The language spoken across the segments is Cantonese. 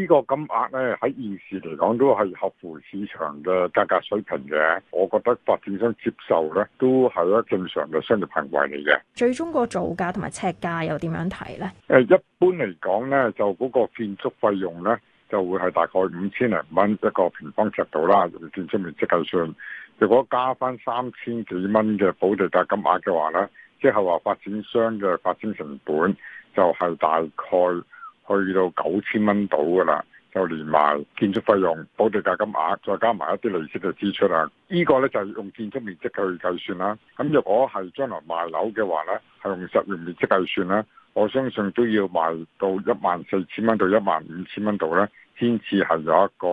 呢個金額咧，喺現時嚟講都係合乎市場嘅價格水平嘅，我覺得發展商接受咧，都係一正常嘅商業行為嚟嘅。最終個造價同埋尺價又點樣睇咧？誒，一般嚟講咧，就嗰個建築費用咧，就會係大概五千零蚊一個平方尺度啦，建築面積計算。如果加返三千幾蚊嘅補地價金額嘅話咧，即係話發展商嘅發展成本就係大概，去到九千蚊度噶啦，就連埋建築費用、補地價金額，再加埋一啲利息嘅支出啦。呢、呢個呢，就係用建築面積去計算啦。咁若果係將來賣樓嘅話呢，係用實用面積計算啦，我相信都要賣到一萬四千蚊到一萬五千蚊度呢，先至係有一個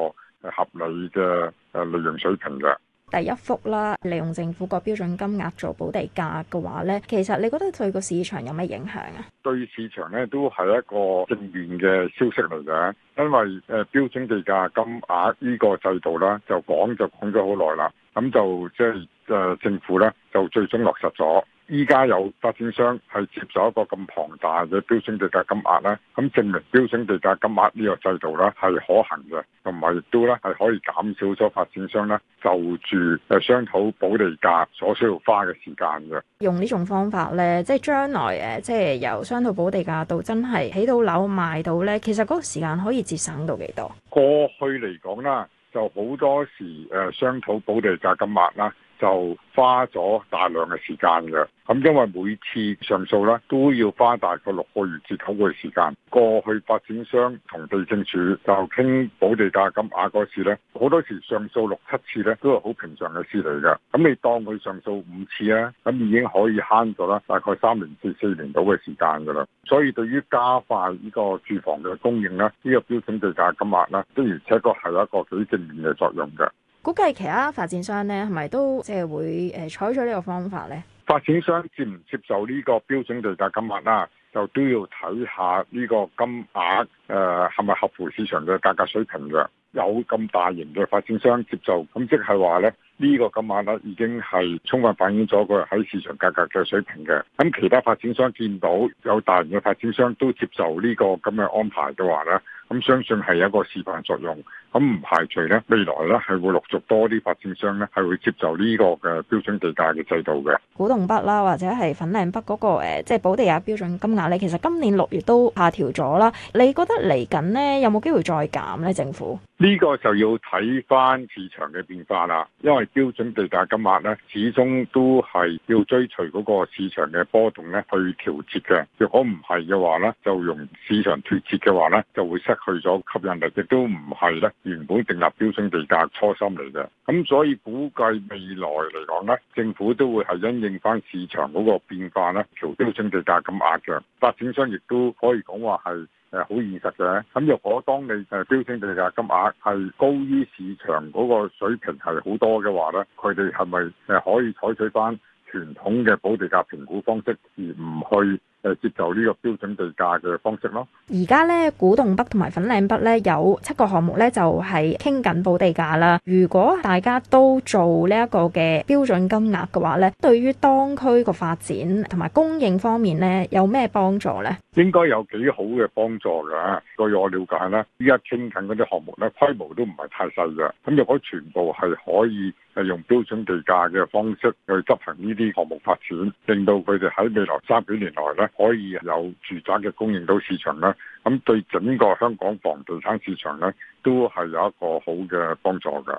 合理嘅誒利潤水平嘅。第一幅啦，利用政府個標準金額做補地價嘅話呢，其實你覺得對個市場有咩影響啊？對市場呢，都係一個正面嘅消息嚟嘅，因為誒標準地價金額呢個制度啦，就講就講咗好耐啦，咁就即係誒政府呢，就最終落實咗。依家有發展商係接受一個咁龐大嘅標準地價金額咧，咁證明標準地價金額呢個制度咧係可行嘅，同埋亦都咧係可以減少咗發展商咧就住誒商討補地價所需要花嘅時間嘅。用呢種方法咧，即係將來誒，即係由商討補地價到真係起到樓賣到咧，其實嗰個時間可以節省到幾多？過去嚟講啦，就好多時誒商討補地價金額啦。就花咗大量嘅時間嘅，咁因為每次上訴咧都要花大概六個月至九個月時間。過去發展商同地政署就傾補地價金額嗰時咧，好多時上訴六七次咧都係好平常嘅事嚟嘅。咁你當佢上訴五次咧，咁已經可以慳咗啦，大概三年至四年到嘅時間噶啦。所以對於加快呢個住房嘅供應咧，呢、呢個標準地價金額咧，的而且確係有一個幾正面嘅作用嘅。估計其他發展商咧係咪都即係會誒採取呢個方法咧？發展商接唔接受呢個標準地價金額啦，就都要睇下呢個金額誒係咪合乎市場嘅價格水平嘅。有咁大型嘅發展商接受，咁即係話咧呢個金額咧已經係充分反映咗佢喺市場價格嘅水平嘅。咁其他發展商見到有大型嘅發展商都接受呢個咁嘅安排嘅話咧。咁、嗯、相信係一個示範作用，咁、嗯、唔排除咧，未來咧係會陸續多啲發展商咧係會接受呢、這個嘅、呃、標準地價嘅制度嘅。古洞北啦，或者係粉嶺北嗰、那個、呃、即係補地價標準金額，你其實今年六月都下調咗啦。你覺得嚟緊咧有冇機會再減咧？政府？呢個就要睇翻市場嘅變化啦，因為標準地價金額呢始終都係要追隨嗰個市場嘅波動咧去調節嘅。若果唔係嘅話呢，就用市場脫節嘅話呢就會失去咗吸引力，亦都唔係呢原本定立標準地價初心嚟嘅。咁所以估計未來嚟講呢，政府都會係因應翻市場嗰個變化呢，調標準地價金額嘅。發展商亦都可以講話係。誒好現實嘅，咁若果當你誒標準地價金額係高於市場嗰個水平係好多嘅話咧，佢哋係咪誒可以採取返傳統嘅補地價評估方式，而唔去誒，接受呢個標準地價嘅方式咯。而家咧，古洞北同埋粉嶺北咧有七個項目咧，就係傾緊補地價啦。如果大家都做呢一個嘅標準金額嘅話咧，對於當區個發展同埋供應方面咧，有咩幫助咧？應該有幾好嘅幫助噶。據我了解咧，依家傾緊嗰啲項目咧，規模都唔係太細嘅。咁如果全部係可以誒用標準地價嘅方式去執行呢啲項目發展，令到佢哋喺未來三幾年內咧。可以有住宅嘅供應到市場啦。咁對整個香港房地產市場咧，都係有一個好嘅幫助㗎。